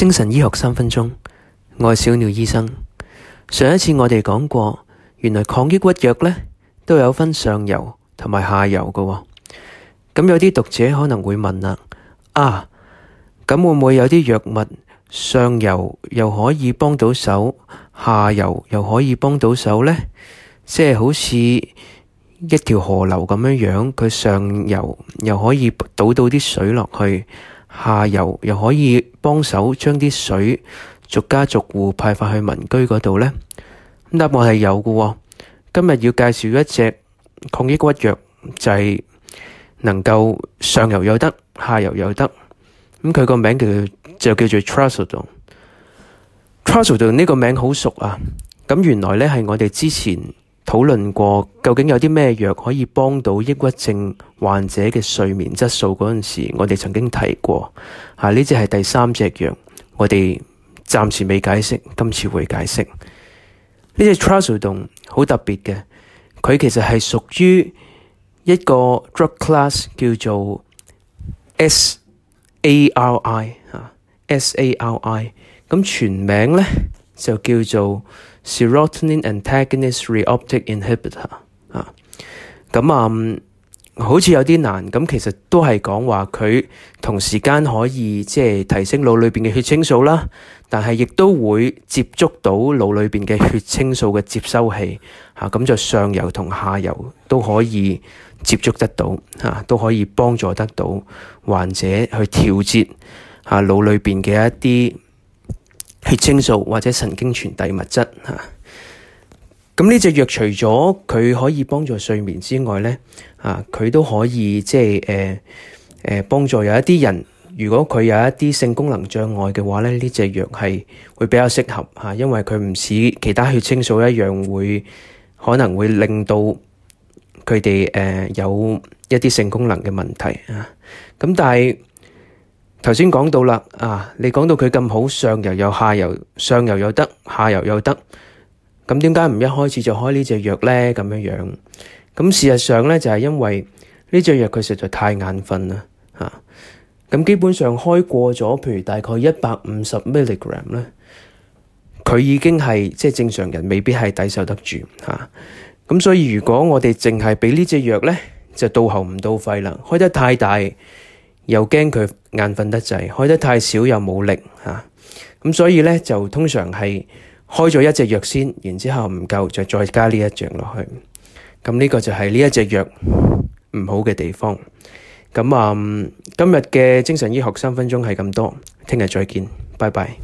精神醫學三分鐘，我係小尿醫生。上一次我哋講過，原來抗抑鬱藥呢都有分上游同埋下游㗎。咁有啲讀者可能會問啊，啊，咁會唔會有啲藥物上游又可以幫到手，下游又可以幫到手呢？即係好似一條河流咁樣樣，佢上游又可以倒到啲水落去。下游又可以幫手將啲水逐家逐戶派發去民居嗰度呢？答案係有嘅，哦。今日要介紹一隻抗抑鬱藥，就係、是、能夠上游又得，下游又得。咁佢個名就叫就叫做 Trazodone。Trazodone 呢個名好熟啊，咁原來呢係我哋之前。討論過究竟有啲咩藥可以幫到抑鬱症患者嘅睡眠質素嗰陣時，我哋曾經提過。嚇，呢隻係第三隻藥，我哋暫時未解釋，今次會解釋。呢隻 trazodone 好特別嘅，佢其實係屬於一個 drug class 叫做 SARI 啊 SARI，咁全名咧。就叫做 serotonin antagonist reuptake inhibitor 啊，咁、嗯、啊，好似有啲難，咁其實都係講話佢同時間可以即係提升腦裏邊嘅血清素啦，但係亦都會接觸到腦裏邊嘅血清素嘅接收器，吓、啊、咁就上游同下游都可以接觸得到，吓、啊、都可以幫助得到患者去調節吓腦裏邊嘅一啲。血清素或者神經傳遞物質吓，咁呢隻藥除咗佢可以幫助睡眠之外咧，啊，佢都可以即係誒誒幫助有一啲人，如果佢有一啲性功能障礙嘅話咧，呢隻藥係會比較適合吓，啊，因為佢唔似其他血清素一樣會可能會令到佢哋誒有一啲性功能嘅問題啊，咁但係。頭先講到啦，啊，你講到佢咁好，上游又下游，上游又得，下游又得，咁點解唔一開始就開呢隻藥咧？咁樣樣，咁事實上咧就係、是、因為呢隻藥佢實在太眼瞓啦，吓、啊，咁基本上開過咗，譬如大概一百五十 milligram 咧，佢已經係即係正常人未必係抵受得住，吓、啊，咁所以如果我哋淨係畀呢隻藥咧，就到喉唔到肺啦，開得太大。又驚佢眼瞓得滯，開得太少又冇力嚇，咁、啊、所以咧就通常係開咗一隻藥先，然之後唔夠就再加呢一隻落去，咁呢個就係呢一隻藥唔好嘅地方。咁啊、嗯，今日嘅精神醫學三分鐘係咁多，聽日再見，拜拜。